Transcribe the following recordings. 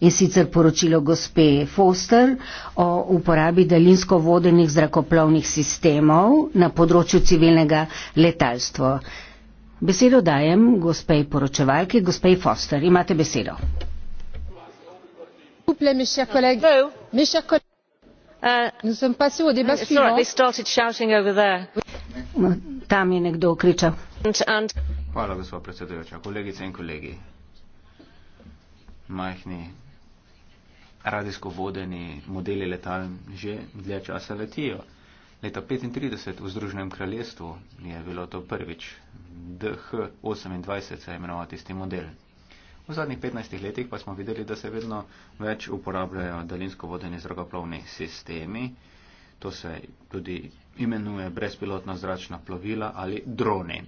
in sicer poročilo gospe Foster o uporabi daljinsko vodenih zrakoplovnih sistemov na področju civilnega letalstva. Besedo dajem gospej poročevalki, gospej Foster. Imate besedo. Uh, uh, tam je nekdo kričal. Hvala, gospod predsedujoča. Kolegice in kolegi. Majhni radijsko vodeni modeli letal že dlje časa letijo. Leta 1935 v Združenem kraljestvu je bilo to prvič. DH28 se je imenoval tisti model. V zadnjih 15 letih pa smo videli, da se vedno več uporabljajo daljinsko vodeni zrakoplovni sistemi. To se tudi imenuje brezpilotna zračna plovila ali droni.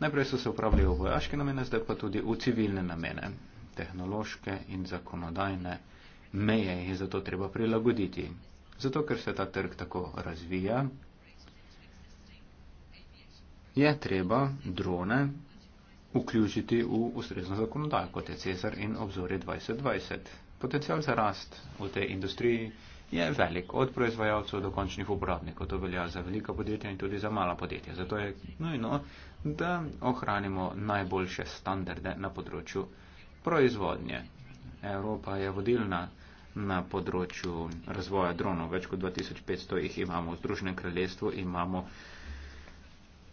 Najprej so se uporabljali v vojaške namene, zdaj pa tudi v civilne namene, tehnološke in zakonodajne meje in zato treba prilagoditi. Zato, ker se ta trg tako razvija, je treba drone vključiti v ustrezno zakonodajo, kot je Cezar in obzorje 2020. Potencial za rast v tej industriji je velik, od proizvajalcev do končnih uporabnikov. To velja za velika podjetja in tudi za mala podjetja. Zato je nujno, da ohranimo najboljše standarde na področju proizvodnje. Evropa je vodilna na področju razvoja dronov. Več kot 2500 jih imamo v Združenem kraljestvu, imamo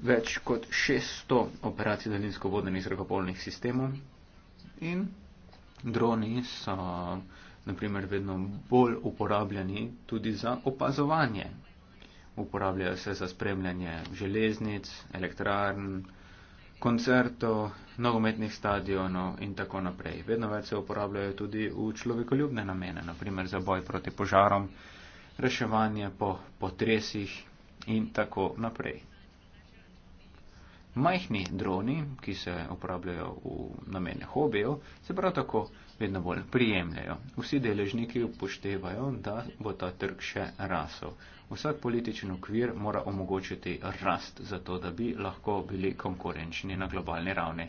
več kot 600 operacij daljinsko vodenih zrakopolnih sistemov in droni so naprimer vedno bolj uporabljeni tudi za opazovanje. Uporabljajo se za spremljanje železnic, elektrarn, koncertov, nogometnih stadionov in tako naprej. Vedno več se uporabljajo tudi v človekoljubne namene, naprimer za boj proti požarom, reševanje po potresih in tako naprej. Majhni droni, ki se uporabljajo v namene hobijev, se prav tako vedno bolj prijemljajo. Vsi deležniki upoštevajo, da bo ta trg še rasel. Vsak političen okvir mora omogočiti rast, zato da bi lahko bili konkurenčni na globalni ravni.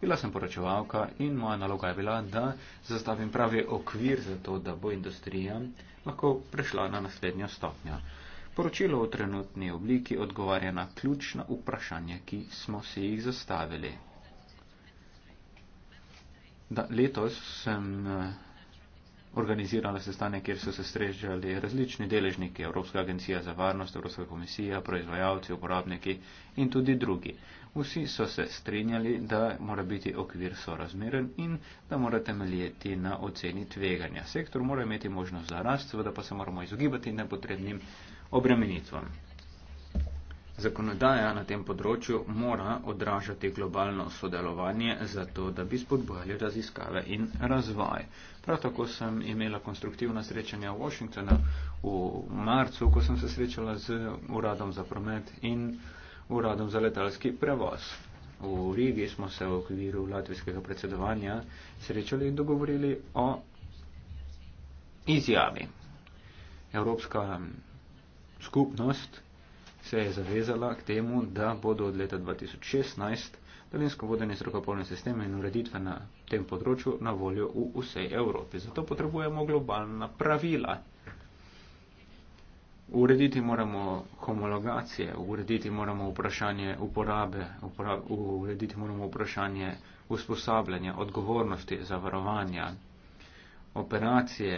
Bila sem poročevalka in moja naloga je bila, da zastavim pravi okvir za to, da bo industrija lahko prešla na naslednjo stopnjo. Poročilo v trenutni obliki odgovarja na ključna vprašanja, ki smo si jih zastavili da letos sem eh, organizirala sestanek, kjer so se srečali različni deležniki, Evropska agencija za varnost, Evropska komisija, proizvajalci, uporabniki in tudi drugi. Vsi so se strinjali, da mora biti okvir sorazmeren in da mora temeljeti na oceni tveganja. Sektor mora imeti možnost za rast, seveda pa se moramo izogibati nepotrebnim obremenitvam. Zakonodaja na tem področju mora odražati globalno sodelovanje, zato da bi spodbojali raziskave in razvoj. Prav tako sem imela konstruktivna srečanja v Washingtonu v marcu, ko sem se srečala z Uradom za promet in Uradom za letalski prevoz. V Rigi smo se v okviru latvijskega predsedovanja srečali in dogovorili o izjavi. Evropska skupnost se je zavezala k temu, da bodo od leta 2016 daljinsko vodene zrakoplovne sisteme in ureditve na tem področju na voljo v vsej Evropi. Zato potrebujemo globalna pravila. Urediti moramo homologacije, urediti moramo vprašanje uporabe, upra urediti moramo vprašanje usposabljanja, odgovornosti, zavarovanja, operacije,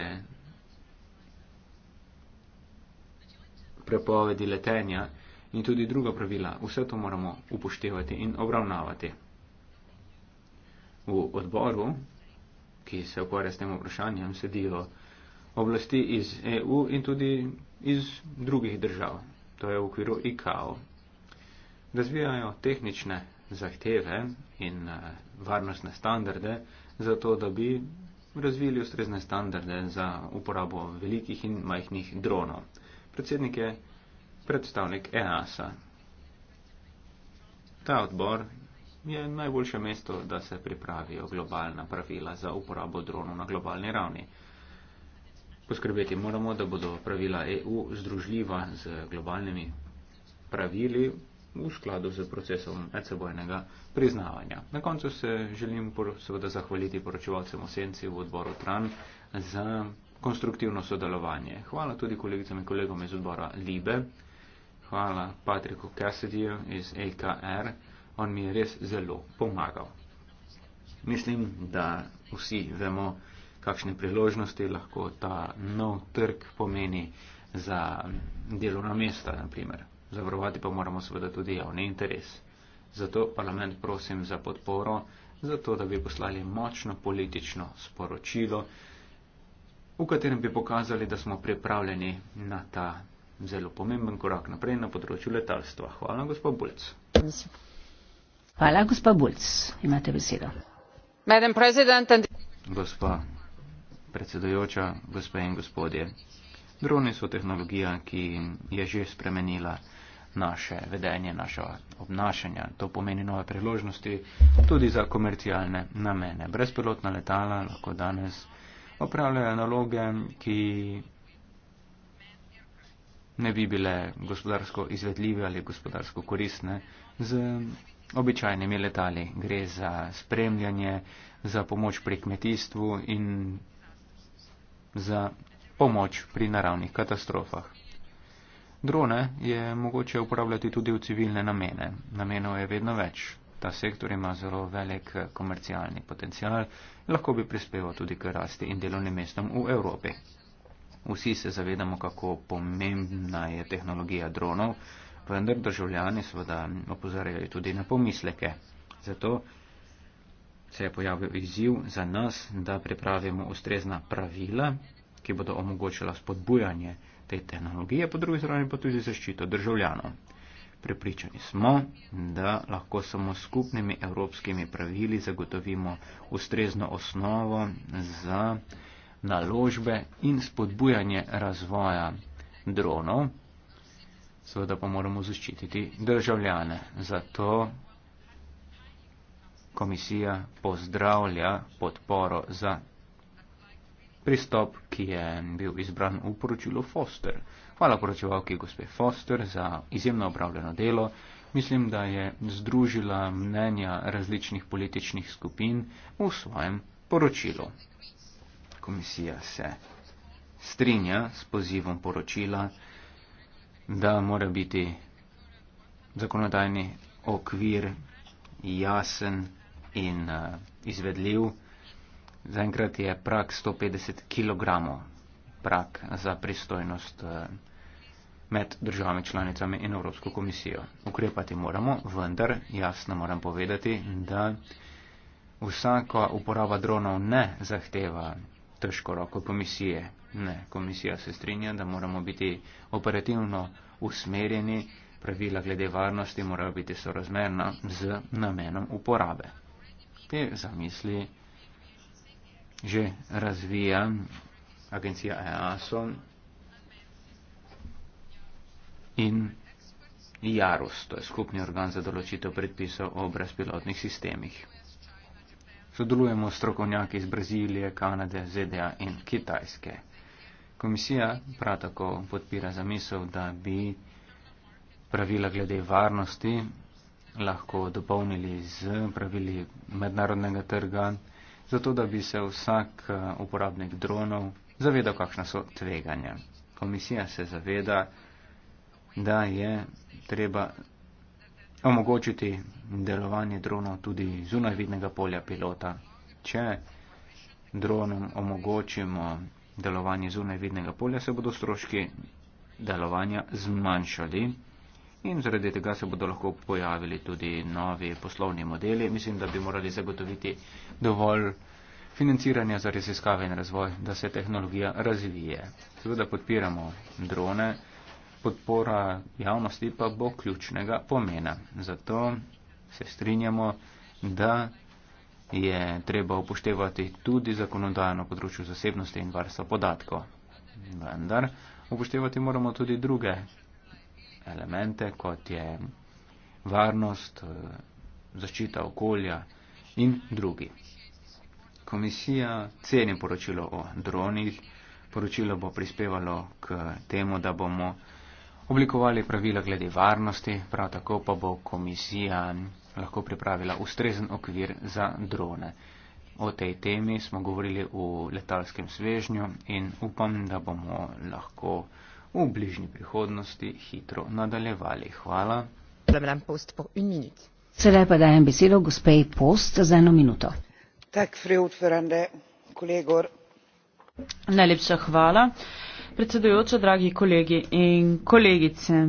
prepovedi letenja in tudi druga pravila, vse to moramo upoštevati in obravnavati. V odboru, ki se ukvarja s tem vprašanjem, sedijo oblasti iz EU in tudi iz drugih držav, to je v okviru IKO. Razvijajo tehnične zahteve in eh, varnostne standarde za to, da bi razvili ustrezne standarde za uporabo velikih in majhnih dronov. Predsednik je predstavnik EASA. Ta odbor je najboljše mesto, da se pripravijo globalna pravila za uporabo dronov na globalni ravni. Poskrbeti moramo, da bodo pravila EU združljiva z globalnimi pravili v skladu z procesom medsebojnega priznavanja. Na koncu se želim seveda zahvaliti poročevalcem v senci v odboru TRAN za konstruktivno sodelovanje. Hvala tudi kolegicam in kolegom iz odbora LIBE hvala Patriku Cassidyju iz AKR, e on mi je res zelo pomagal. Mislim, da vsi vemo, kakšne priložnosti lahko ta nov trg pomeni za delovna mesta, naprimer. Zavarovati pa moramo seveda tudi javni interes. Zato parlament prosim za podporo, zato da bi poslali močno politično sporočilo, v katerem bi pokazali, da smo pripravljeni na ta zelo pomemben korak naprej na področju letalstva. Hvala, gospod Bulc. Hvala, gospod Bulc. Imate besedo. And... Gospa predsedojoča, gospe in gospodje, droni so tehnologija, ki je že spremenila naše vedenje, naša obnašanja. To pomeni nove priložnosti tudi za komercialne namene. Brezpilotna letala lahko danes opravljajo naloge, ki ne bi bile gospodarsko izvedljive ali gospodarsko koristne z običajnimi letali. Gre za spremljanje, za pomoč pri kmetijstvu in za pomoč pri naravnih katastrofah. Drone je mogoče uporabljati tudi v civilne namene. Namenov je vedno več. Ta sektor ima zelo velik eh, komercialni potencial in lahko bi prispeval tudi k rasti in delovnim mestom v Evropi. Vsi se zavedamo, kako pomembna je tehnologija dronov, vendar državljani seveda opozarjajo tudi na pomisleke. Zato se je pojavil izziv za nas, da pripravimo ustrezna pravila, ki bodo omogočila spodbujanje te tehnologije, po drugi strani pa tudi zaščito državljanov. Pripričani smo, da lahko samo s skupnimi evropskimi pravili zagotovimo ustrezno osnovo za naložbe in spodbujanje razvoja dronov. Seveda pa moramo zaščititi državljane. Zato komisija pozdravlja podporo za pristop, ki je bil izbran v poročilu Foster. Hvala poročevalki gospe Foster za izjemno opravljeno delo. Mislim, da je združila mnenja različnih političnih skupin v svojem poročilu komisija se strinja s pozivom poročila, da mora biti zakonodajni okvir jasen in uh, izvedljiv. Zaenkrat je prak 150 kg prak za pristojnost eh, med državami članicami in Evropsko komisijo. Ukrepati moramo, vendar jasno moram povedati, da vsaka uporaba dronov ne zahteva težko roko komisije. Ne, komisija se strinja, da moramo biti operativno usmerjeni, pravila glede varnosti morajo biti sorazmerna z namenom uporabe. Te zamisli že razvija agencija EASO in JARUS, to je skupni organ za določitev predpisov o brezpilotnih sistemih sodelujemo strokovnjaki iz Brazilije, Kanade, ZDA in Kitajske. Komisija prav tako podpira zamisel, da bi pravila glede varnosti lahko dopolnili z pravili mednarodnega trga, zato da bi se vsak eh, uporabnik dronov zavedal, kakšna so tveganja. Komisija se zaveda, da je treba omogočiti delovanje dronov tudi zunaj vidnega polja pilota. Če dronom omogočimo delovanje zunaj vidnega polja, se bodo stroški delovanja zmanjšali in zaradi tega se bodo lahko pojavili tudi novi poslovni modeli. Mislim, da bi morali zagotoviti dovolj financiranja za raziskave in razvoj, da se tehnologija razvije. Seveda podpiramo drone podpora javnosti pa bo ključnega pomena. Zato se strinjamo, da je treba upoštevati tudi zakonodajno področju zasebnosti in varstva podatkov. Vendar upoštevati moramo tudi druge elemente, kot je varnost, zaščita okolja in drugi. Komisija ceni poročilo o dronih, poročilo bo prispevalo k temu, da bomo oblikovali pravila glede varnosti, prav tako pa bo komisija lahko pripravila ustrezen okvir za drone. O tej temi smo govorili v letalskem svežnju in upam, da bomo lahko v bližnji prihodnosti hitro nadaljevali. Hvala. Sedaj pa dajem besedo gospej Post za eno minuto. Tak, Najlepša hvala. Uh, Predsedujoča, dragi kolegi in kolegice.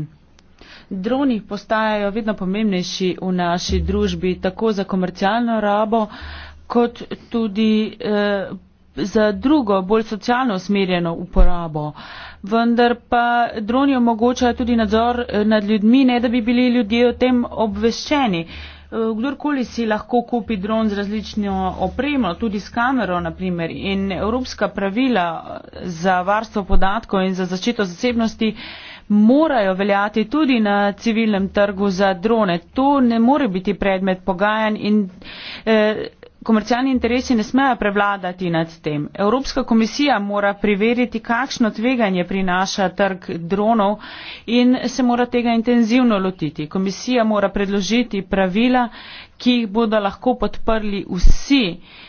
Droni postajajo vedno pomembnejši v naši družbi, tako za komercialno rabo, kot tudi eh, za drugo, bolj socialno usmerjeno uporabo. Vendar pa droni omogočajo tudi nadzor eh, nad ljudmi, ne da bi bili ljudje o tem obveščeni. Eh, Eh, kdorkoli si lahko kupi dron z različno opremo, tudi s kamero naprimer. In evropska pravila eh, za varstvo podatkov in za zaščito zasebnosti morajo veljati tudi na civilnem trgu za drone. To ne more biti predmet pogajanj in eh, komercialni interesi ne smejo prevladati nad tem. Evropska komisija mora preveriti, kakšno tveganje prinaša trg dronov in se mora tega intenzivno lotiti. Komisija mora predložiti pravila, ki jih bodo lahko podprli vsi. Uh,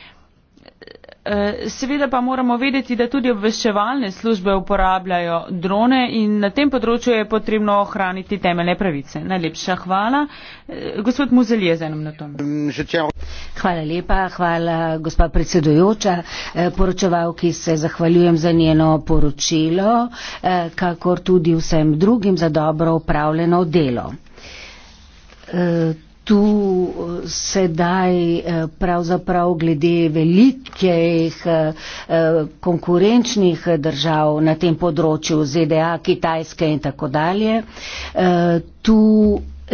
Eh, seveda pa moramo vedeti da tudi obveščevalne službe uporabljajo drone in na tem področju je potrebno ohraniti temeljne pravice najlepša hvala eh, gospod muzelje za eno minuto hvala lepa hvala gospa predsedujoča eh, poročevalki se zahvaljujem za njeno poročilo kakor tudi vsem drugim za dobro upravljeno delo tu eh, sedaj eh, pravzaprav glede velikih eh, konkurenčnih držav na tem področju ZDA, Kitajske in tako dalje. Tu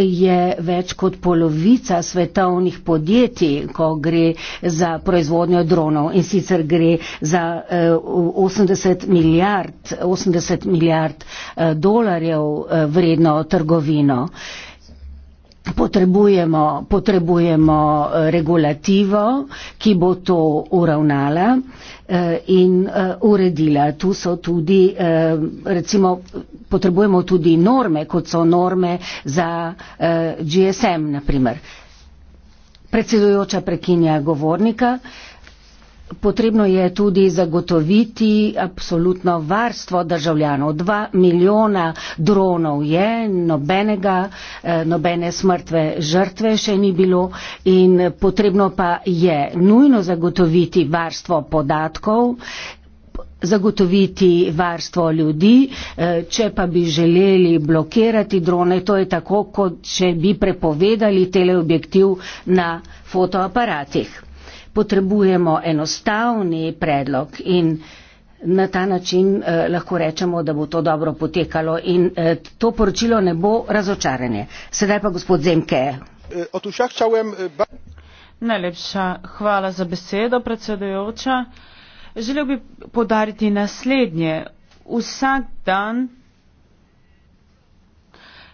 je več kot polovica svetovnih podjetij, ko gre za proizvodnjo dronov in sicer gre za 80 milijard, 80 milijard dolarjev vredno trgovino. Potrebujemo, potrebujemo eh, regulativo, ki bo to uravnala eh, in eh, uredila. Tu so tudi, recimo, potrebujemo tudi norme, kot so norme za GSM, naprimer. Predsedujoča prekinja govornika. Potrebno je tudi zagotoviti absolutno varstvo državljanov. Dva milijona dronov je, nobenega, eh, nobene smrtve žrtve še ni bilo in potrebno pa je nujno zagotoviti varstvo podatkov zagotoviti varstvo ljudi, eh, če pa bi želeli blokirati drone, to je tako, kot če bi prepovedali teleobjektiv na fotoaparatih potrebujemo enostavni predlog in na ta način eh, lahko rečemo, da bo to dobro potekalo in eh, to poročilo ne bo razočaranje. Sedaj pa gospod Zemke. Eh, eh, Najlepša hvala za besedo, predsedujoča. Želel bi podariti naslednje. Vsak dan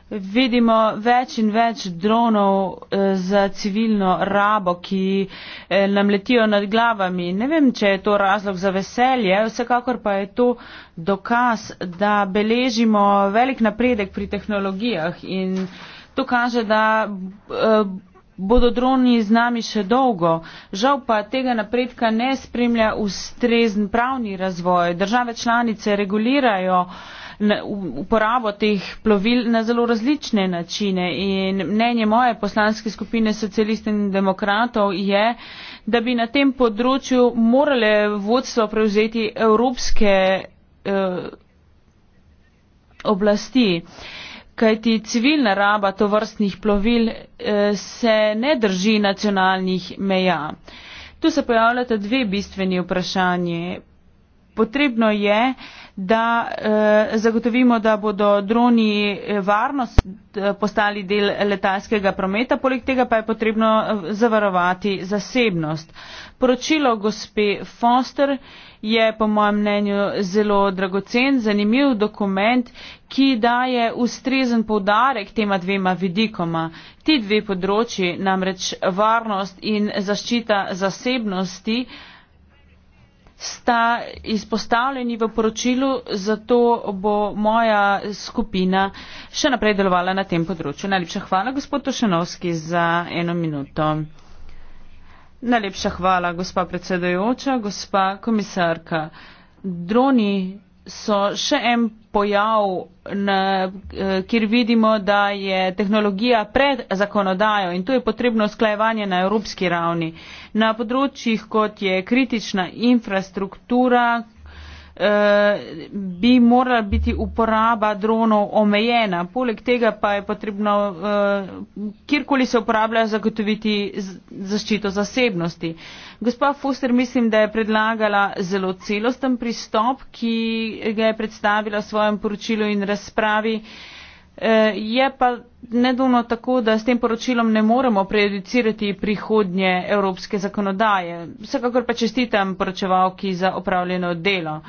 Vidimo več in več dronov eh, za civilno rabo, ki eh, nam letijo nad glavami. Ne vem, če je to razlog za veselje, vsekakor pa je to dokaz, da beležimo velik napredek pri tehnologijah in to kaže, da eh, bodo droni z nami še dolgo. Žal pa tega napredka ne spremlja ustrezen pravni razvoj. Države članice regulirajo uporabo teh plovil na zelo različne načine. In mnenje moje poslanske skupine socialistov in demokratov je, da bi na tem področju morale vodstvo prevzeti evropske eh, oblasti. Kajti civilna raba tovrstnih plovil eh, se ne drži nacionalnih meja. Tu se pojavljata dve bistveni vprašanje. Potrebno je, da eh, zagotovimo da bodo droni eh, varnost eh, postali del letalskega prometa poleg tega pa je potrebno zavarovati zasebnost. poročilo gospe foster je po mojem mnenju zelo dragocen zanimiv dokument ki daje ustrezen poudarek tema dvema vidikoma ti dve področji namreč varnost in zaščita zasebnosti sta izpostavljeni v poročilu, zato bo moja skupina še naprej delovala na tem področju. Najlepša hvala, gospod Tošenovski, za eno minuto. Najlepša hvala, gospa predsedajoča, gospa komisarka. Droni so še en pojav, na, eh, kjer vidimo, da je tehnologija pred zakonodajo in tu je potrebno sklajevanje na evropski ravni. Na področjih, kot je kritična infrastruktura, Eh, bi morala biti uporaba dronov omejena. Poleg tega pa je potrebno, eh, kjerkoli se uporablja, zagotoviti zaščito zasebnosti. Gospa Foster mislim, da je predlagala zelo celosten pristop, ki ga je predstavila v svojem poročilu in razpravi. Eh, je pa nedvomno tako, da s tem poročilom ne moremo prejudicirati prihodnje evropske zakonodaje. Vsekakor pa čestitam poročevalki za opravljeno delo.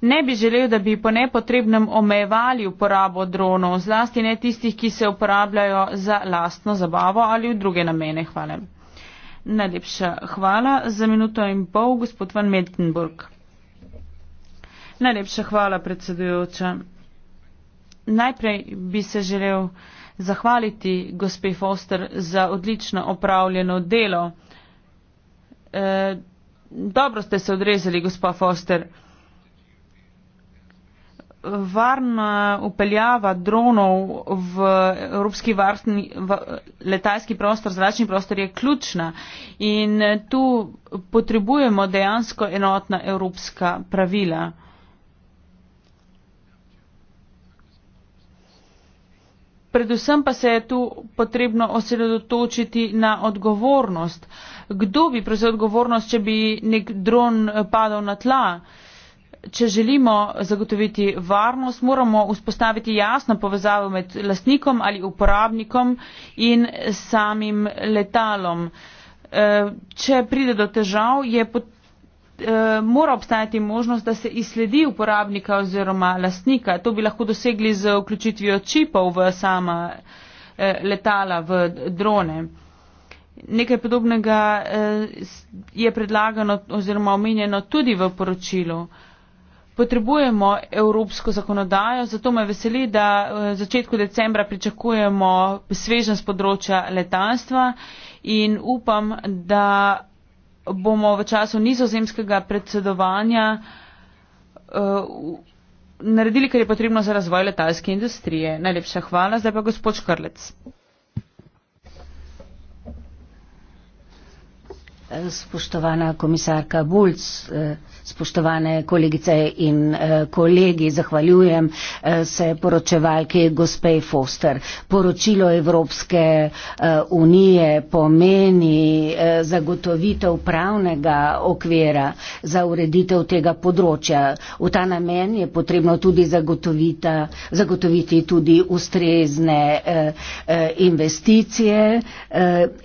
Ne bi želel, da bi po nepotrebnem omejevali uporabo dronov, zlasti ne tistih, ki se uporabljajo za lastno zabavo ali v druge namene. Hvala. Najlepša hvala za minuto in pol, gospod Van Metenburg. Najlepša hvala, predsedujoča najprej bi se želel zahvaliti gospe Foster za odlično opravljeno delo. E, dobro ste se odrezali, gospa Foster. Varna upeljava dronov v evropski varstni, v letalski prostor, zračni prostor je ključna in tu potrebujemo dejansko enotna evropska pravila. Predvsem pa se je tu potrebno osredotočiti na odgovornost. Kdo bi prevzel odgovornost, če bi nek dron padal na tla? Če želimo zagotoviti varnost, moramo vzpostaviti jasno povezavo med lastnikom ali uporabnikom in samim letalom. Eh, če pride do težav, je potrebno. Eh, mora obstajati možnost, da se izsledi uporabnika oziroma lastnika. To bi lahko dosegli z vključitvijo čipov v sama eh, letala, v drone. Nekaj podobnega eh, je predlagano oziroma omenjeno tudi v poročilu. Potrebujemo evropsko zakonodajo, zato me veseli, da v začetku decembra pričakujemo svežen z področja letalstva in upam, da bomo v času nizozemskega predsedovanja eh, naredili, kar je potrebno za razvoj letalske industrije. Najlepša hvala, zdaj pa gospod Škrlec. Eh, spoštovana komisarka Bulc, eh, spoštovane kolegice in eh, kolegi, zahvaljujem eh, se poročevalki gospe Foster. Poročilo Evropske eh, unije pomeni zagotovitev pravnega okvira za ureditev tega področja. V ta namen je potrebno tudi zagotoviti tudi ustrezne investicije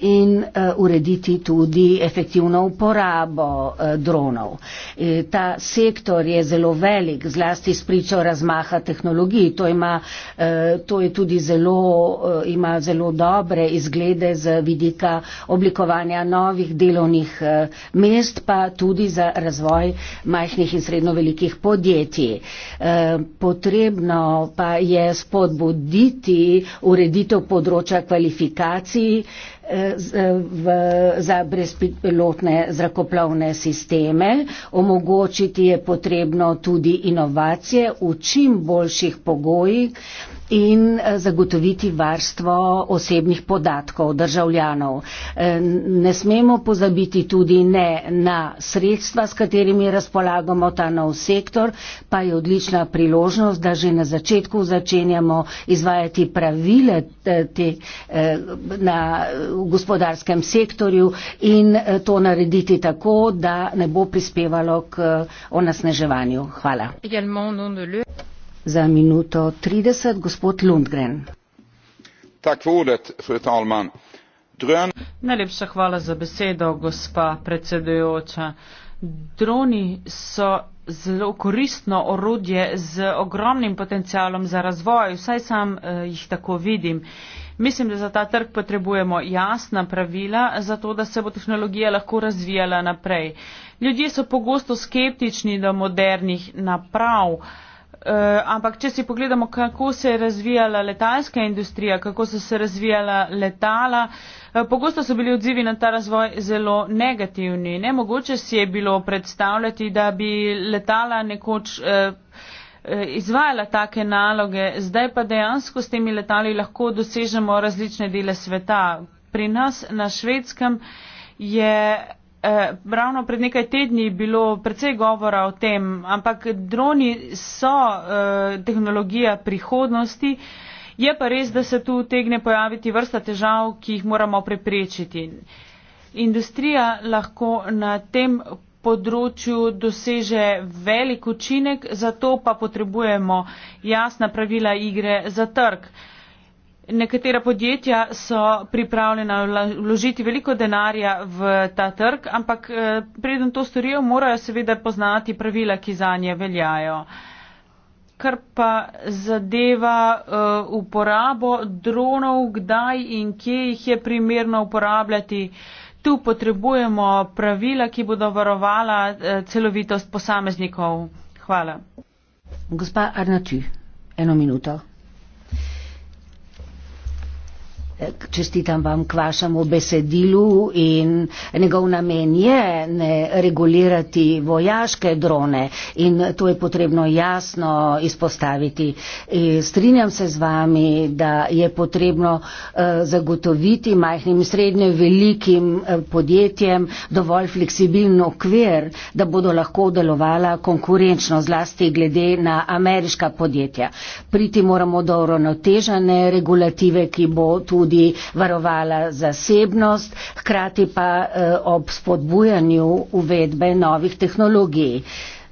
in urediti tudi efektivno uporabo dronov. In ta sektor je zelo velik, zlasti spričo razmaha tehnologij. To ima, eh, to zelo, eh, ima zelo dobre izglede z vidika oblikovanja novih delovnih eh, mest, pa tudi za razvoj majhnih in srednjo velikih podjetij. Potrebno pa je spodbuditi ureditev področja kvalifikacij v, za brezpilotne zrakoplovne sisteme. Omogočiti je potrebno tudi inovacije v čim boljših pogojih in eh, zagotoviti varstvo osebnih podatkov državljanov. Eh, ne smemo pozabiti tudi ne na sredstva, s katerimi razpolagamo ta nov sektor, pa je odlična priložnost, da že na začetku začenjamo izvajati pravile eh, te, na gospodarskem sektorju in to narediti tako, da ne bo prispevalo k onasneževanju. Hvala za minuto 30, gospod Lundgren. Tak vodet, fru talman. Drön... Najlepša hvala za besedo, gospa predsedujoča. Droni so zelo koristno orodje z ogromnim potencialom za razvoj, vsaj sam eh, jih tako vidim. Mislim, da za ta trg potrebujemo jasna pravila, zato da se bo tehnologija lahko razvijala naprej. Ljudje so pogosto skeptični do modernih naprav. Eh, Eh, ampak če si pogledamo, kako se je razvijala letalska industrija, kako so se razvijala letala, eh, pogosto so bili odzivi na ta razvoj zelo negativni. Nemogoče si je bilo predstavljati, da bi letala nekoč eh, izvajala take naloge, zdaj pa dejansko s temi letali lahko dosežemo različne dele sveta. Pri nas na švedskem je Eh, ravno pred nekaj tedni je bilo precej govora o tem, ampak droni so eh, tehnologija prihodnosti. Je pa res, da se tu tegne pojaviti vrsta težav, ki jih moramo preprečiti. Industrija lahko na tem področju doseže velik učinek, zato pa potrebujemo jasna pravila igre za trg. Nekatera podjetja so pripravljena vložiti veliko denarja v ta trg, ampak eh, preden to storijo, morajo seveda poznati pravila, ki za nje veljajo. Kar pa zadeva uh, uporabo dronov, kdaj in kje jih je primerno uporabljati, tu potrebujemo pravila, ki bodo varovala uh, celovitost posameznikov. Hvala. Gospa Arnači, eno minuto. Čestitam vam k vašemu besedilu in njegov namen je ne regulirati vojaške drone in to je potrebno jasno izpostaviti. In eh, strinjam se z vami, da je potrebno eh, zagotoviti majhnim in srednjim velikim eh, podjetjem dovolj fleksibilen okvir, da bodo lahko delovala konkurenčno zlasti glede na ameriška podjetja. Priti moramo do uravnotežene regulative, ki bo tudi tudi varovala zasebnost, hkrati pa eh, ob spodbujanju uvedbe novih tehnologij.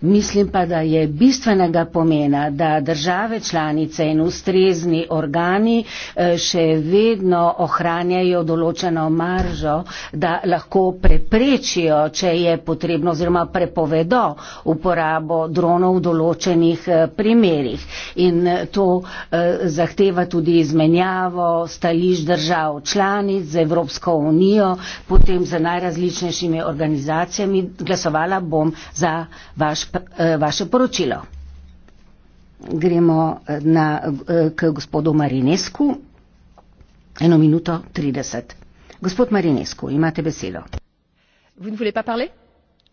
Mislim pa, da je bistvenega pomena, da države članice in ustrezni organi eh, še vedno ohranjajo določeno maržo, da lahko preprečijo, če je potrebno oziroma prepovedo uporabo dronov v določenih eh, primerih. In eh, to zahteva tudi izmenjavo stališ držav članic z Evropsko unijo, potem z najrazličnejšimi organizacijami. Glasovala bom za vaš. Eh, vaše poročilo. Gremo eh, na, eh, k gospodu Marinesku. Eno minuto 30. Gospod Marinesku, imate besedo.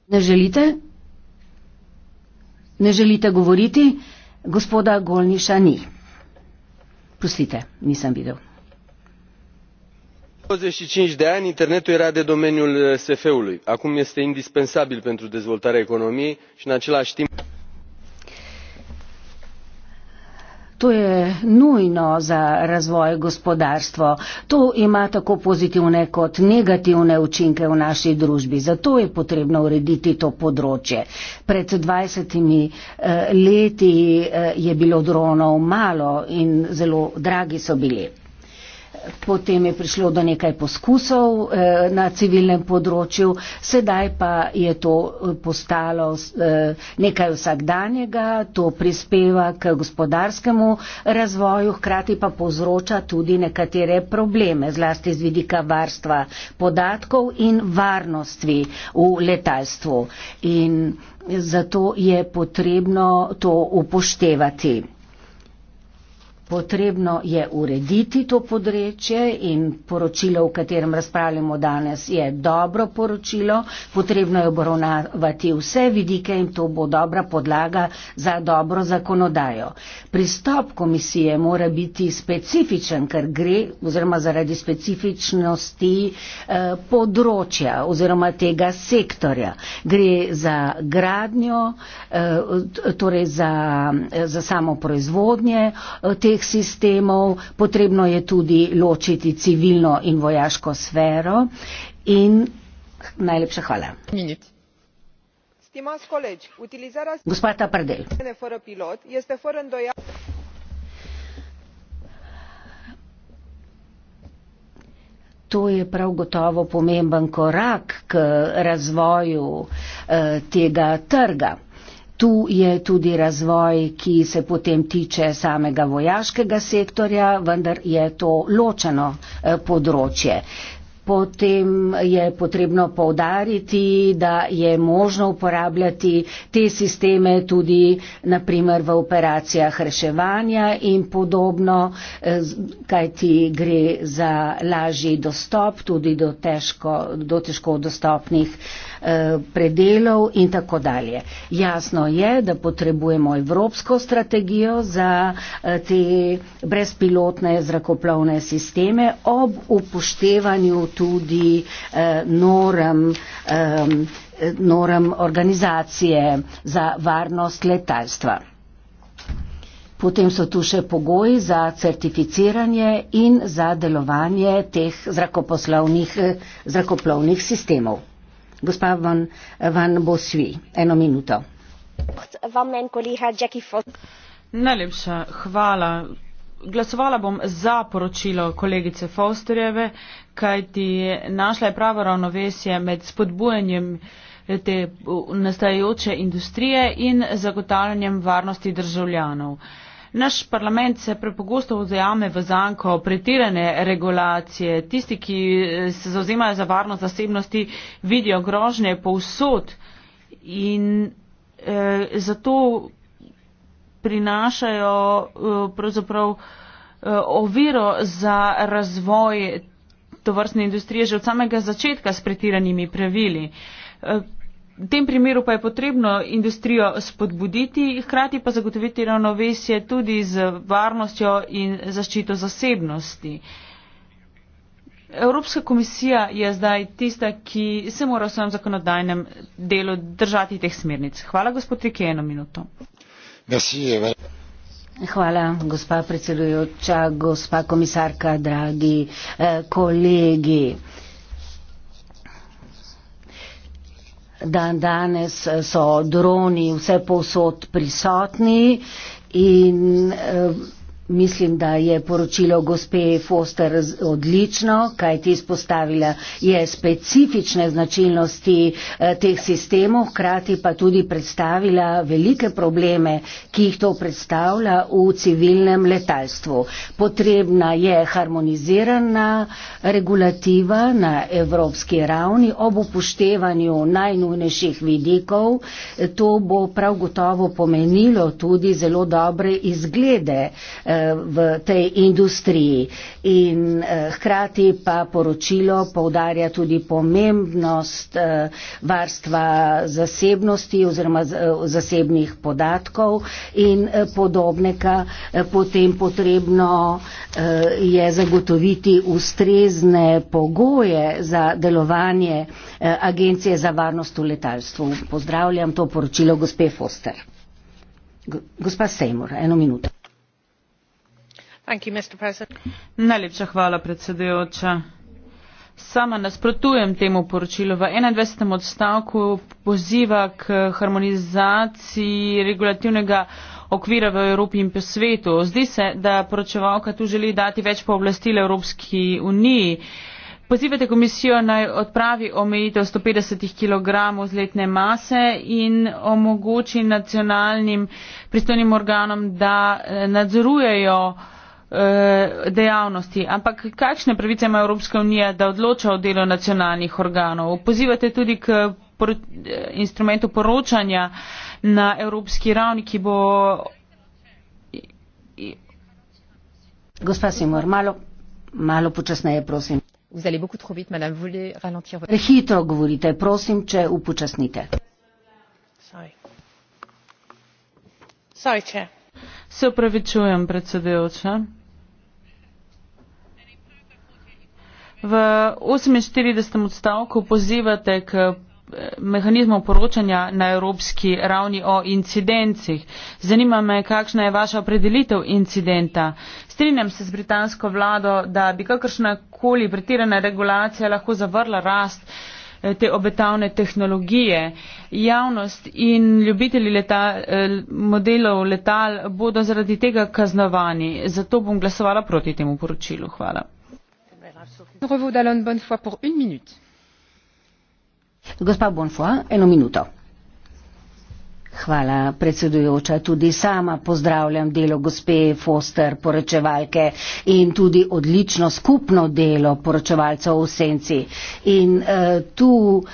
Ne želite? Ne želite govoriti? Gospoda Golniša ni. Prosite, nisem videl douăzeci și cinci de ani internetul era de domeniul eh, sf ului acum este indispensabil pentru dezvoltarea economiei și în același timp. To je nujno za razvoj gospodarstva. To ima tako pozitivne kot negativne učinke v naši družbi. Zato je potrebno urediti to področje. Pred 20 eh, leti eh, je bilo dronov malo in zelo dragi so bili potem je prišlo do nekaj poskusov eh, na civilnem področju, sedaj pa je to eh, postalo eh, nekaj vsakdanjega, to prispeva k gospodarskemu razvoju, hkrati pa povzroča tudi nekatere probleme, zlasti z vidika varstva podatkov in varnosti v letalstvu. In zato je potrebno to upoštevati. Potrebno je urediti to področje in poročilo, o katerem razpravljamo danes, je dobro poročilo. Potrebno je obravnavati vse vidike in to bo dobra podlaga za dobro zakonodajo. Pristop komisije mora biti specifičen, ker gre oziroma zaradi specifičnosti eh, področja oziroma tega sektorja. Gre za gradnjo, eh, torej za, za samo proizvodnje. Eh, teh sistemov, potrebno je tudi ločiti civilno in vojaško sfero in najlepša hvala. Minit. Gospa Tapardel. To je prav gotovo pomemben korak k razvoju eh, tega trga. Tu je tudi razvoj, ki se potem tiče samega vojaškega sektorja, vendar je to ločeno eh, področje. Potem je potrebno povdariti, da je možno uporabljati te sisteme tudi naprimer v operacijah reševanja in podobno, eh, kajti gre za lažji dostop tudi do težko, do težko dostopnih eh, Eh, predelov in tako dalje. Jasno je, da potrebujemo evropsko strategijo za eh, te brezpilotne zrakoplovne sisteme ob upoštevanju tudi eh, norem norem organizacije za varnost letalstva. Potem so tu še pogoji za certificiranje in za delovanje teh zrakoplovnih sistemov gospa Van, Van Bosvi. Eno minuto. Najlepša hvala. Glasovala bom za poročilo kolegice Fosterjeve, kajti našla je pravo ravnovesje med spodbujanjem eh, te nastajajoče industrije in zagotavljanjem varnosti državljanov naš parlament se prepogosto vzajame v zanko pretirane regulacije tisti ki eh, se zauzemajo za varnost zasebnosti vidijo grožnje povsod in eh, zato prinašajo eh, pravzaprav eh, oviro za razvoj tovrstne industrije že od samega začetka s pretiranimi pravili. Eh, V tem primeru pa je potrebno industrijo spodbuditi, hkrati pa zagotoviti ravnovesje tudi z varnostjo in zaščito zasebnosti. Evropska komisija je zdaj tista, ki se mora v svojem zakonodajnem delu držati teh smernic. Hvala, gospod Rike, eno minuto. Hvala, gospa predsedujoča, gospa komisarka, dragi eh, kolegi. Dan danes eh, so droni vse posod prisotni in eh, Mislim, da je poročilo gospe Foster odlično, kaj ti izpostavila je specifične značilnosti eh, teh sistemov, hkrati pa tudi predstavila velike probleme, ki jih to predstavlja v civilnem letalstvu. Potrebna je harmonizirana regulativa na evropski ravni ob upoštevanju najnujnejših vidikov. To bo prav gotovo pomenilo tudi zelo dobre izglede eh, v tej industriji. In eh, hkrati pa poročilo povdarja tudi pomembnost eh, varstva zasebnosti oziroma eh, zasebnih podatkov in podobnega. Potem potrebno je zagotoviti ustrezne pogoje za delovanje Agencije za varnost v letalstvu. Pozdravljam to poročilo gospe Foster. Gospa Sejmor, eno minuto najlepša hvala predsedujoča sama nasprotujem temu poročilu v enaindvajsetem odstavku poziva k harmonizaciji regulativnega okvira v evropi in po svetu zdi se da poročevalka tu želi dati več pooblastil evropski uniji pozivate komisijo naj odpravi omejitev sto petdeset kilogramov žledne mase in omogoči nacionalnim pristojnim organom da eh, nadzorujejo Eh, dejavnosti. Ampak kakšne pravice ima Evropska unija, da odloča o delu nacionalnih organov? Pozivate tudi k por eh, instrumentu poročanja na evropski ravni, ki bo. Gospa Simor, malo, malo počasneje, prosim. Prehitro govorite, prosim, če upočasnite. Se opravičujem, predsedujoča. V 48. odstavku pozivate k eh, mehanizmov poročanja na evropski ravni o incidencih. Zanima me, kakšna je vaša opredelitev incidenta. Strinjam se z britansko vlado, da bi kakršna koli pretirana regulacija lahko zavrla rast eh, te obetavne tehnologije. Javnost in ljubitelji leta, eh, modelov letal bodo zaradi tega kaznovani. Zato bom glasovala proti temu poročilu. Hvala gospa bonfoy eno minuto. Hvala, predsedujoča. Tudi sama pozdravljam delo gospe Foster, poročevalke in tudi odlično skupno delo poročevalcev v Senci. In uh, tu uh,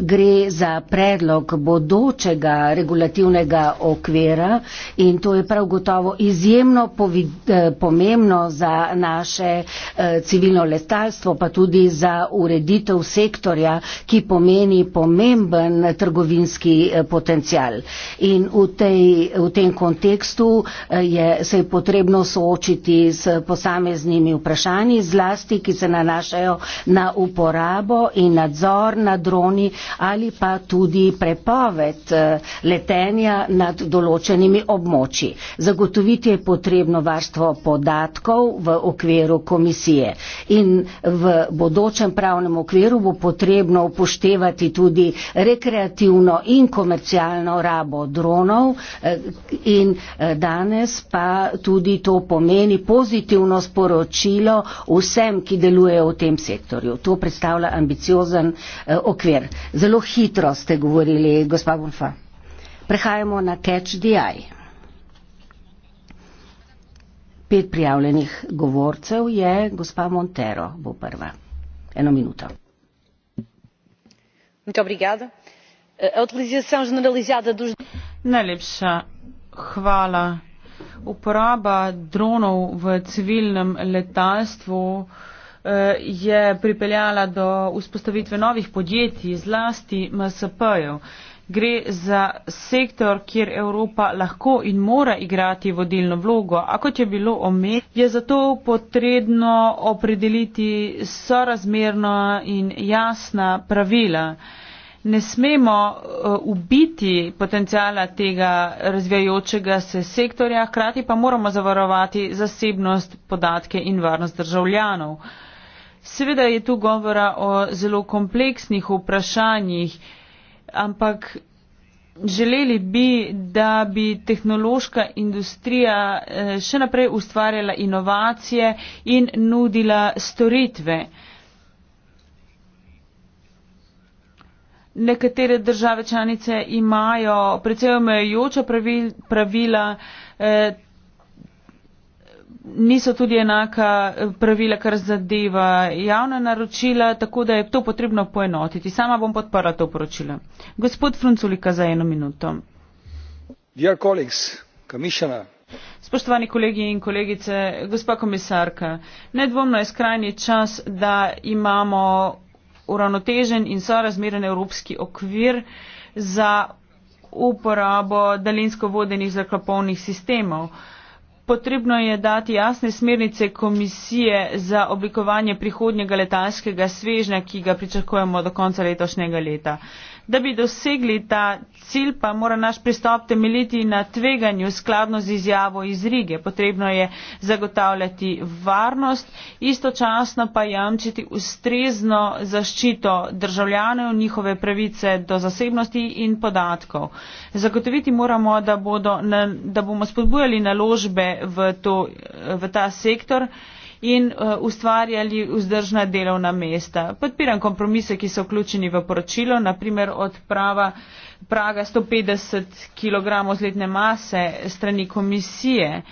gre za predlog bodočega regulativnega okvira in to je prav gotovo izjemno eh, pomembno za naše uh, civilno letalstvo, pa tudi za ureditev sektorja, ki pomeni pomemben trgovinski uh, potencial in v, tej, v tem kontekstu eh, je, se je potrebno soočiti s posameznimi vprašanji, zlasti, ki se nanašajo na uporabo in nadzor na droni ali pa tudi prepoved eh, letenja nad določenimi območji. Zagotoviti je potrebno varstvo podatkov v okviru komisije in v bodočem pravnem okviru bo potrebno upoštevati tudi rekreativno in komercialno rabo uporabo dronov eh, in eh, danes pa tudi to pomeni pozitivno sporočilo vsem, ki delujejo v tem sektorju. To predstavlja ambiciozen eh, okvir. Zelo hitro ste govorili, gospa Gunfa. Prehajamo na Catch DI. Pet prijavljenih govorcev je, gospa Montero bo prva. Eno minuto. Muito obrigada. Eh, a utilização generalizada dos. Najlepša hvala. Uporaba dronov v civilnem letalstvu eh, je pripeljala do vzpostavitve novih podjetij, zlasti MSP-jev. Gre za sektor, kjer Evropa lahko in mora igrati vodilno vlogo, a kot je bilo omenjeno, je zato potrebno opredeliti sorazmerna in jasna pravila ne smemo uh, ubiti potencijala tega razvijajočega se sektorja, hkrati pa moramo zavarovati zasebnost, podatke in varnost državljanov. Seveda je tu govora o zelo kompleksnih vprašanjih, ampak želeli bi, da bi tehnološka industrija eh, še naprej ustvarjala inovacije in nudila storitve. nekatere države članice imajo precej omejujoča pravila, eh, niso tudi enaka eh, pravila, kar zadeva javna naročila, tako da je to potrebno poenotiti. Sama bom podprla to poročilo. Gospod Frunculika za eno minuto. Dear colleagues, commissioner. Spoštovani kolegi in kolegice, gospa komisarka, nedvomno je skrajni čas, da imamo uravnotežen in sorazmeren evropski okvir za uporabo daljinsko vodenih zrakoplovnih sistemov. Potrebno je dati jasne smernice komisije za oblikovanje prihodnjega letalskega svežnja, ki ga pričakujemo do konca letošnjega leta. Da bi dosegli ta cilj, pa mora naš pristop temeljiti na tveganju skladno z izjavo iz Rige. Potrebno je zagotavljati varnost, istočasno pa jamčiti ustrezno zaščito državljanov, njihove pravice do zasebnosti in podatkov. Zagotoviti moramo, da, na, da bomo spodbujali naložbe v, to, v ta sektor in uh, ustvarjali vzdržna delovna mesta. Podpiram kompromise, ki so vključeni v poročilo, naprimer odprava praga 150 kg zletne mase strani komisije.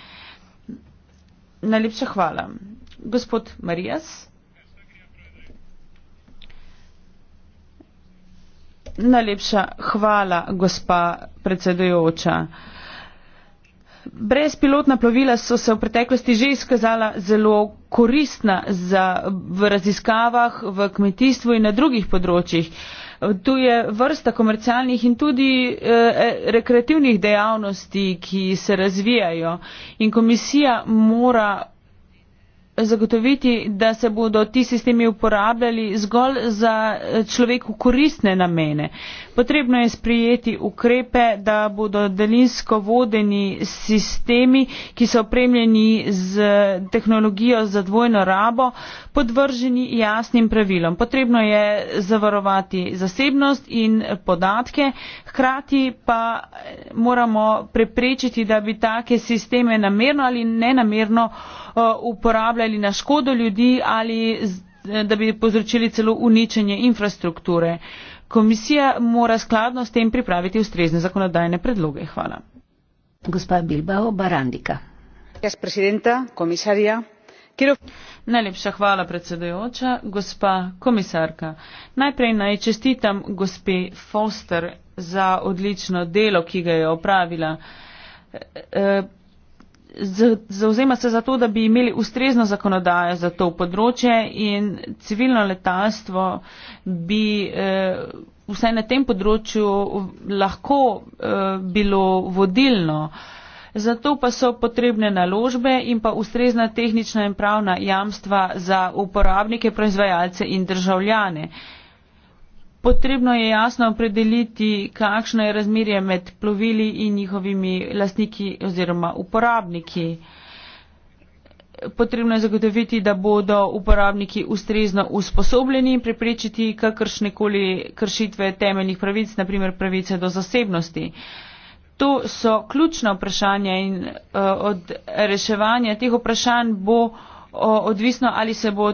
Najlepša hvala. Gospod Marijas. Najlepša hvala, gospa predsedujoča brezpilotna plovila so se v preteklosti že izkazala zelo koristna za, v raziskavah, v kmetijstvu in na drugih področjih. Tu je vrsta komercialnih in tudi e, rekreativnih dejavnosti, ki se razvijajo in komisija mora zagotoviti, da se bodo ti sistemi uporabljali zgolj za eh, človeku koristne namene. Potrebno je sprijeti ukrepe, da bodo delinsko vodeni sistemi, ki so opremljeni z eh, tehnologijo za dvojno rabo, podvrženi jasnim pravilom. Potrebno je zavarovati zasebnost in podatke, hkrati pa eh, moramo preprečiti, da bi take sisteme namerno ali nenamerno Eh, uporabljali na škodo ljudi ali eh, da bi povzročili celo uničenje infrastrukture. Komisija mora skladno s tem pripraviti ustrezne zakonodajne predloge. Hvala. Gospa Bilbao Barandika. Jaz, presidenta, komisarja. Najlepša hvala, predsedujoča, gospa komisarka. Najprej naj čestitam gospe Foster za odlično delo, ki ga je opravila. Eh, zauzema se za to, da bi imeli ustrezno zakonodajo za to področje in civilno letalstvo bi eh, vsaj na tem področju lahko eh, bilo vodilno. Zato pa so potrebne naložbe in pa ustrezna tehnična in pravna jamstva za uporabnike, proizvajalce in državljane potrebno je jasno opredeliti, kakšno je razmerje med plovili in njihovimi lastniki oziroma uporabniki. Potrebno je zagotoviti, da bodo uporabniki ustrezno usposobljeni in preprečiti kakršne koli kršitve temeljnih pravic, naprimer pravice do zasebnosti. To so ključna vprašanja in uh, od reševanja teh vprašanj bo uh, odvisno, ali se bo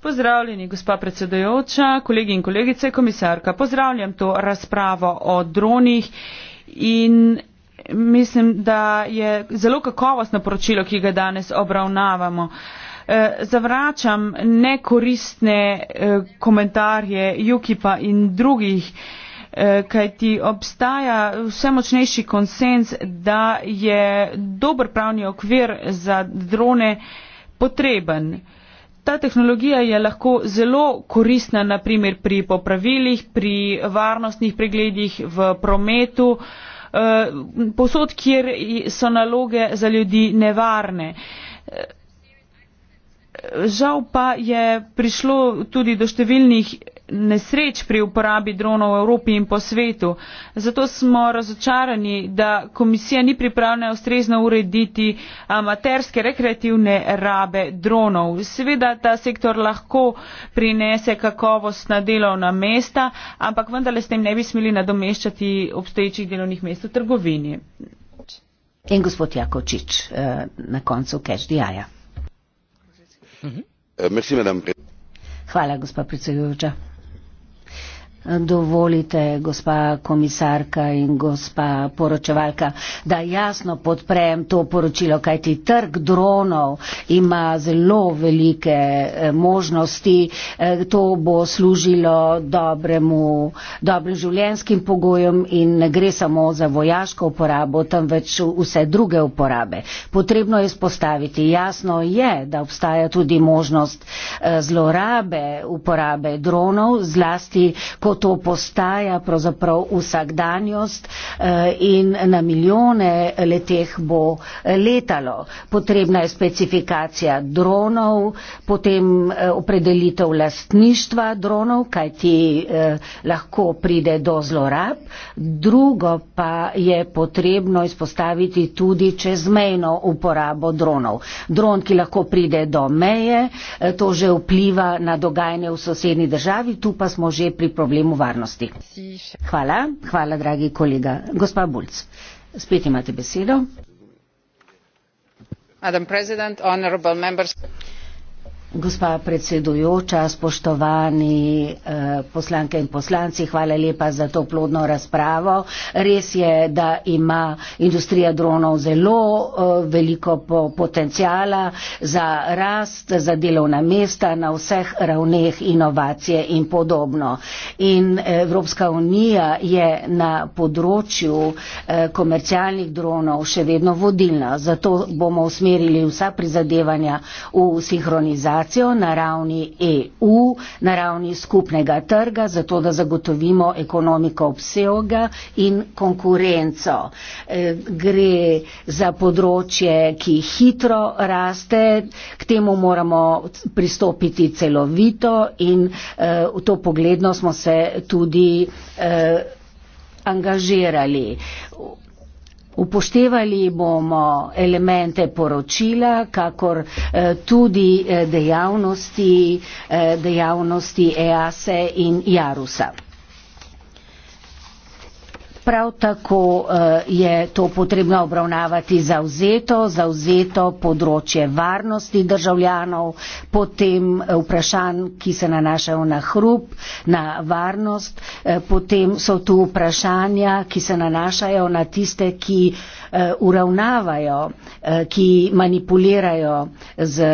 Pozdravljeni, gospa predsedajoča, kolegi in kolegice, komisarka. Pozdravljam to razpravo o dronih in mislim, da je zelo kakovostno poročilo, ki ga danes obravnavamo. E, zavračam nekoristne e, komentarje Jukipa in drugih, e, kaj ti obstaja vse močnejši konsens, da je dober pravni okvir za drone potreben ta tehnologija je lahko zelo koristna, naprimer pri popravilih, pri varnostnih pregledih v prometu, eh, posod, kjer so naloge za ljudi nevarne. Eh, žal pa je prišlo tudi do številnih nesreč pri uporabi dronov v Evropi in po svetu. Zato smo razočarani, da komisija ni pripravljena ustrezno urediti amaterske rekreativne rabe dronov. Seveda ta sektor lahko prinese kakovost na delovna mesta, ampak vendarle s tem ne bi smeli nadomeščati obstoječih delovnih mest v trgovini. In gospod Jakočič, eh, na koncu Cash DI-ja. -ja. Mhm. Eh, hvala gospa predsedujoča. Dovolite, gospa komisarka in gospa poročevalka, da jasno podprem to poročilo, kajti trg dronov ima zelo velike eh, možnosti. Eh, to bo služilo dobremu, dobrim življenskim pogojem in ne gre samo za vojaško uporabo, temveč vse druge uporabe. Potrebno je spostaviti. Jasno je, da obstaja tudi možnost eh, zlorabe uporabe dronov, zlasti, ko to postaja pravzaprav vsakdanjost eh, in na milijone leteh bo letalo. Potrebna je specifikacija dronov, potem eh, opredelitev lastništva dronov, kaj ti eh, lahko pride do zlorab. Drugo pa je potrebno izpostaviti tudi čezmejno uporabo dronov. Dron, ki lahko pride do meje, to že vpliva na dogajanje v sosednji državi, tu pa smo že pri problemu problemu varnosti. Hvala, hvala, dragi kolega. Gospa Bulc, spet imate besedo. Madam President, honorable members. Gospa predsedujoča, spoštovani eh, poslanke in poslanci, hvala lepa za to plodno razpravo. Res je, da ima industrija dronov zelo eh, veliko potencijala za rast, za delovna mesta na vseh ravneh inovacije in podobno. In Evropska unija je na področju eh, komercialnih dronov še vedno vodilna, zato bomo usmerili vsa prizadevanja v sinhronizacijo situacijo na ravni EU, na ravni skupnega trga, zato da zagotovimo ekonomiko obsega in konkurenco. E, gre za področje, ki hitro raste, k temu moramo pristopiti celovito in e, v to pogledno smo se tudi e, angažirali. Upoštevali bomo elemente poročila, kakor eh, tudi eh, dejavnosti, eh, dejavnosti EASE e in JARUSA prav tako eh, je to potrebno obravnavati zauzeto, zauzeto področje varnosti državljanov, potem eh, vprašanj, ki se nanašajo na hrup, na varnost, eh, potem so tu vprašanja, ki se nanašajo na tiste, ki uravnavajo, ki manipulirajo z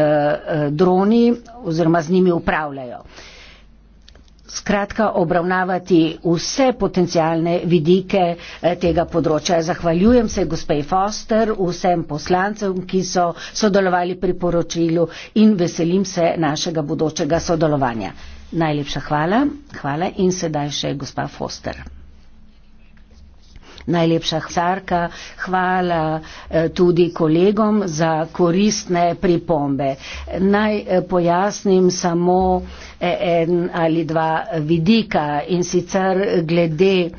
droni oziroma z njimi upravljajo skratka obravnavati vse potencijalne vidike eh, tega področja. Zahvaljujem se gospej Foster, vsem poslancem, ki so sodelovali pri poročilu in veselim se našega bodočega sodelovanja. Najlepša hvala. Hvala in sedaj še gospa Foster najlepša hvala, hvala eh, tudi kolegom za koristne pripombe. Naj eh, pojasnim samo eh, en ali dva vidika in sicer glede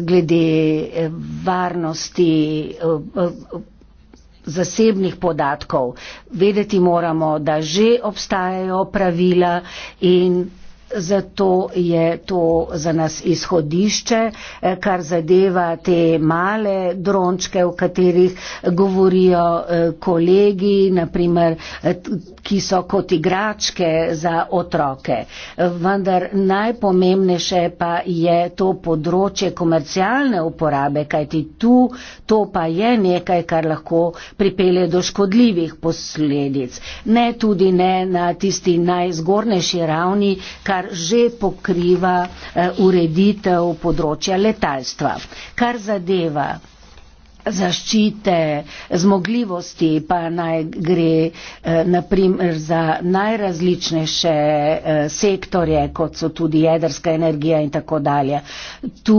glede varnosti zasebnih podatkov. Vedeti moramo, da že obstajajo pravila in zato je to za nas izhodišče, eh, kar zadeva te male drončke, o katerih govorijo eh, kolegi, naprimer, eh, ki so kot igračke za otroke. Vendar najpomembnejše pa je to področje komercialne uporabe, kajti tu to pa je nekaj, kar lahko pripelje do škodljivih posledic. Ne tudi ne na tisti najzgornejši ravni, kar kar že pokriva eh, ureditev področja letalstva. Kar zadeva zaščite, zmogljivosti, pa naj gre eh, naprimer za najrazličnejše eh, sektorje, kot so tudi jedrska energija in tako dalje. Tu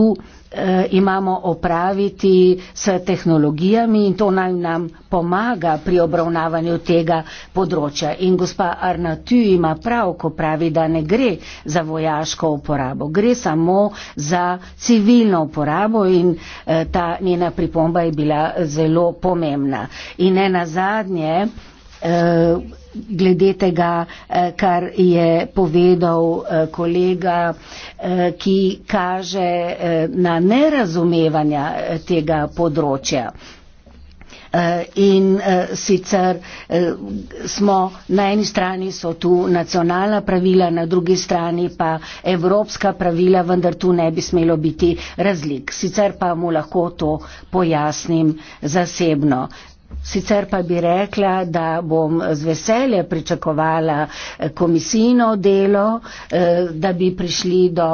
Eh, imamo opraviti s tehnologijami in to naj nam pomaga pri obravnavanju tega področja. In gospa Arnatu ima prav, ko pravi, da ne gre za vojaško uporabo, gre samo za civilno uporabo in eh, ta njena pripomba je bila zelo pomembna. In ena zadnje, eh, glede tega, eh, kar je povedal eh, kolega, eh, ki kaže na nerazumevanja tega področja. In sicer smo na eni strani so tu nacionalna pravila, na drugi strani pa evropska pravila, vendar tu ne bi smelo biti razlik. Sicer pa mu lahko to pojasnim zasebno. Sicer pa bi rekla, da bom z veselje pričakovala komisijno delo, eh, da bi prišli do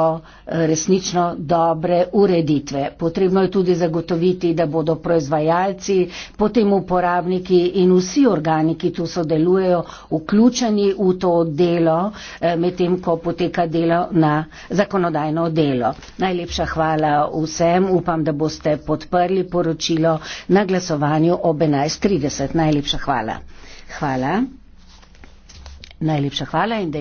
resnično dobre ureditve. Potrebno je tudi zagotoviti, da bodo proizvajalci, potem uporabniki in vsi organi, ki tu sodelujejo, vključeni v to delo, eh, medtem ko poteka delo na zakonodajno delo. Najlepša hvala vsem, upam, da boste podprli poročilo na glasovanju ob 11.30. Najlepša hvala. Hvala. Najlepša hvala.